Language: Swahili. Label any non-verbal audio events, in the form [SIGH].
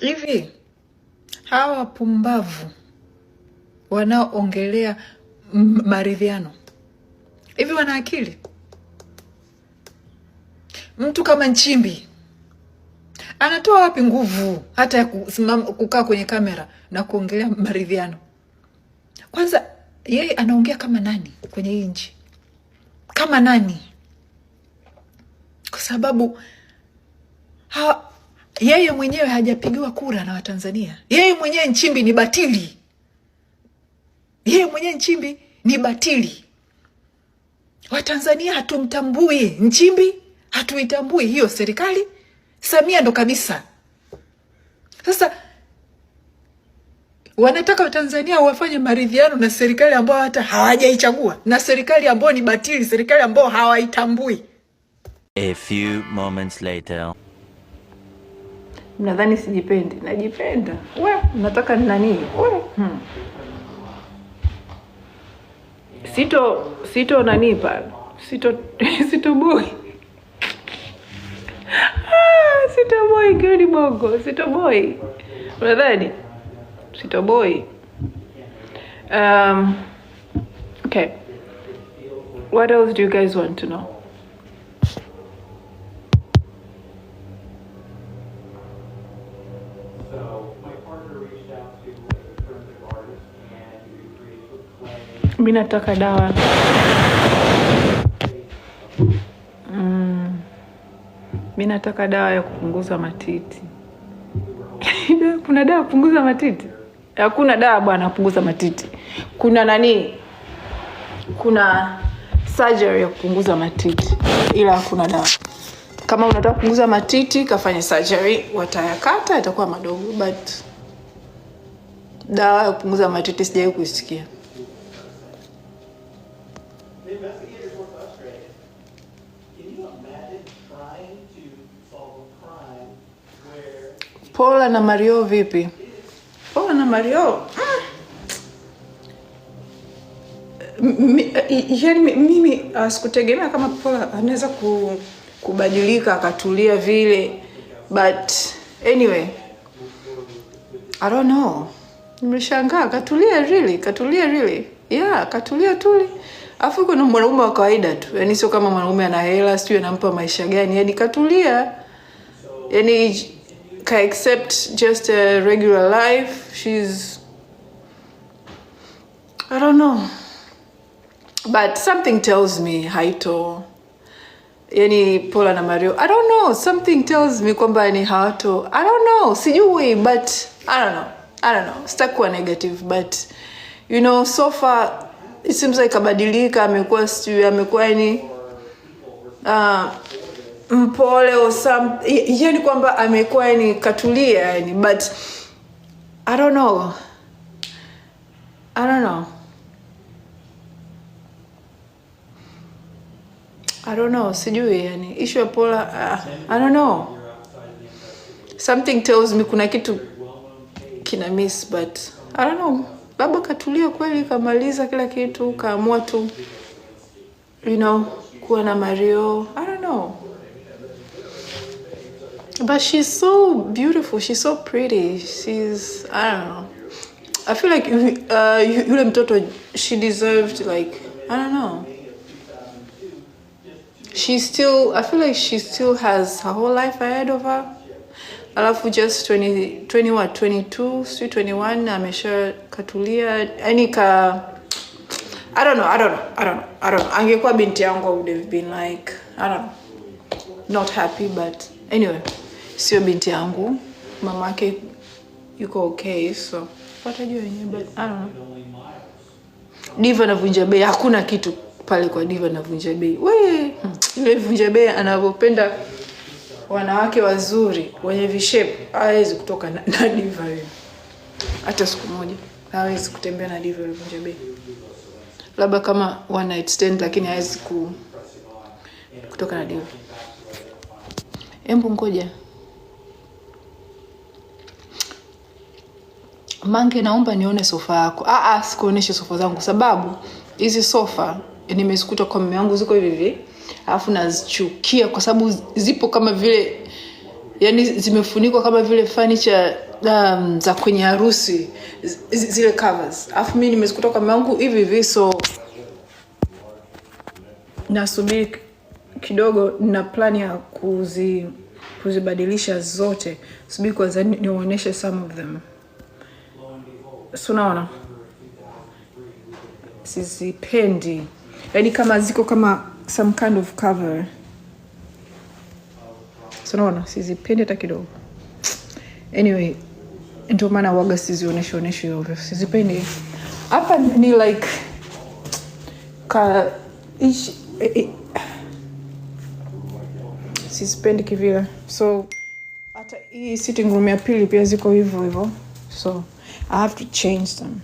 Hivi hawa wapumbavu wanaoongelea maridhiano hivi wana akili? Mtu kama Nchimbi anatoa wapi nguvu hata ya kusimama kukaa kwenye kamera na kuongelea maridhiano? Kwanza yeye anaongea kama nani kwenye hii nchi, kama nani? Kwa sababu hawa yeye mwenyewe hajapigiwa kura na Watanzania. Yeye mwenyewe Nchimbi ni batili, yeye mwenyewe Nchimbi ni batili. Watanzania hatumtambui Nchimbi, hatuitambui hiyo serikali. Samia ndo kabisa. Sasa wanataka Watanzania wafanye maridhiano na serikali ambayo hata hawajaichagua na serikali ambayo ni batili, serikali ambayo hawaitambui. A few moments later nadhani sijipendi? Najipenda. We, nataka nani? We. Hmm. Sito sito nani pale? Sito [LAUGHS] sito boy. Ah, sito boy gani bongo? Sito boy. Unadhani? Sito boy. Um, okay. What else do you guys want to know? Mi nataka dawa mm. nataka dawa ya kupunguza matiti [LAUGHS] kuna dawa ya kupunguza matiti? Hakuna dawa bwana ya kupunguza matiti. Kuna nani, kuna surgery ya kupunguza matiti, ila hakuna dawa. Kama unataka kupunguza matiti, kafanye surgery, watayakata, yatakuwa madogo but dawa ya kupunguza matiti sijawahi kuisikia. Pola na Mario vipi? Pola na Mario yaani mimi ah, sikutegemea kama pola anaweza kubadilika akatulia vile, but anyway I don't know Nimeshangaa katulia really, katulia really. Yeah, katulia tuli. Afu kuna mwanaume wa kawaida tu. Yaani sio kama mwanaume ana hela, sio anampa maisha gani. Yaani katulia. Yaani ka accept just a regular life. She's I don't know. But something tells me haito. Yaani Paula na Mario. I don't know. Something tells me kwamba ni hawato. I don't know. Sijui but I don't know. I sitakuwa negative but you know so far it seems like abadilika amekuwa sijui amekuwa yani uh, mpole or something, yani kwamba amekuwa yani katulia yani, but I don't know, I don't know, I don't know, sijui yani issue ya pola uh, I don't know, something tells me kuna kitu kina miss but I don't know, labda katulia kweli, kamaliza kila kitu, kaamua tu you know kuwa na Mario. I don't know but she's so beautiful, she's so pretty, she's I don't know I feel like uh, yule mtoto she deserved like I don't know she still I feel like she still has her whole life ahead of her alafu just 22 si 21 amesha katulia yani ka I don't know, I don't know, I don't know, I don't know. Angekuwa binti yangu I would have been like, I don't know. Not happy but anyway, sio binti yangu. Mamake yuko okay so watajua wenyewe but I don't know. Diva navunja bei, hakuna kitu pale kwa Diva navunja bei. Wewe, hmm, yule vunja bei anavyopenda wanawake wazuri wenye vishepu hawezi kutoka na, na diva hiyo hata siku moja, hawezi kutembea na diva ilivunja bei, labda kama one night stand, lakini hawezi ku, kutoka na diva. Embu ngoja Mange, naomba nione sofa yako. Ah ah, sikuoneshe sofa zangu, sababu hizi sofa nimezikuta kwa mume wangu, ziko hivi hivi alafu nazichukia kwa sababu zipo kama vile yani zimefunikwa kama vile fanicha um, za kwenye harusi zile covers alafu mi nimezikuta kwa mangu hivi hivi so nasubiri kidogo na plani ya kuzi kuzibadilisha zote subiri kwanza nionyeshe some of them sunaona sizipendi yani kama ziko kama some kind of cover. So naona sizipendi hata kidogo. Anyway, ndio maana waga sizioneshe oneshe ovyo, sizipendi. Hapa ni like ka ish, eh, eh. Sizipendi kivile, so hata hii sitting room ya pili pia ziko hivyo hivyo, so I have to change them.